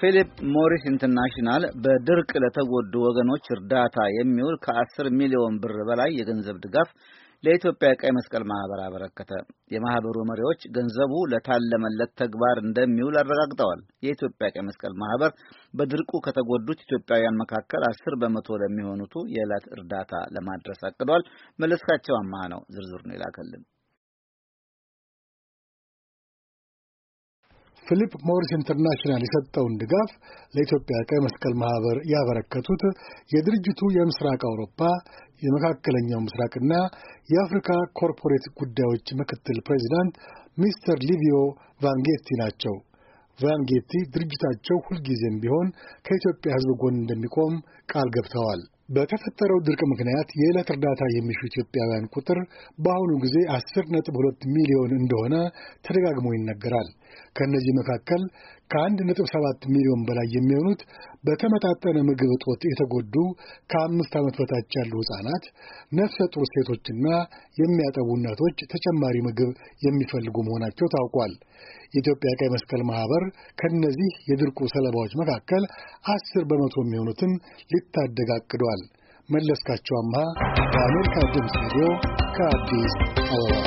ፊሊፕ ሞሪስ ኢንተርናሽናል በድርቅ ለተጎዱ ወገኖች እርዳታ የሚውል ከ10 ሚሊዮን ብር በላይ የገንዘብ ድጋፍ ለኢትዮጵያ ቀይ መስቀል ማህበር አበረከተ። የማህበሩ መሪዎች ገንዘቡ ለታለመለት ተግባር እንደሚውል አረጋግጠዋል። የኢትዮጵያ ቀይ መስቀል ማህበር በድርቁ ከተጎዱት ኢትዮጵያውያን መካከል አስር በመቶ ለሚሆኑቱ የዕለት እርዳታ ለማድረስ አቅዷል። መለስካቸው አማሃ ነው ዝርዝሩን ይላከልን። ፊሊፕ ሞሪስ ኢንተርናሽናል የሰጠውን ድጋፍ ለኢትዮጵያ ቀይ መስቀል ማህበር ያበረከቱት የድርጅቱ የምስራቅ አውሮፓ የመካከለኛው ምስራቅና የአፍሪካ ኮርፖሬት ጉዳዮች ምክትል ፕሬዚዳንት ሚስተር ሊቪዮ ቫንጌቲ ናቸው። ቫንጌቲ ድርጅታቸው ሁልጊዜም ቢሆን ከኢትዮጵያ ሕዝብ ጎን እንደሚቆም ቃል ገብተዋል። በተፈጠረው ድርቅ ምክንያት የዕለት እርዳታ የሚሹ ኢትዮጵያውያን ቁጥር በአሁኑ ጊዜ 10.2 ሚሊዮን እንደሆነ ተደጋግሞ ይነገራል። ከእነዚህ መካከል ከ1.7 ሚሊዮን በላይ የሚሆኑት በተመጣጠነ ምግብ እጦት የተጎዱ ከአምስት ዓመት በታች ያሉ ሕፃናት፣ ነፍሰ ጡር ሴቶችና የሚያጠቡ እናቶች ተጨማሪ ምግብ የሚፈልጉ መሆናቸው ታውቋል። የኢትዮጵያ ቀይ መስቀል ማኅበር ከእነዚህ የድርቁ ሰለባዎች መካከል አስር በመቶ የሚሆኑትን ሊታደግ አቅዷል። መለስካቸው አምሃ በአሜሪካ ድምፅ ሬዲዮ ከአዲስ አበባ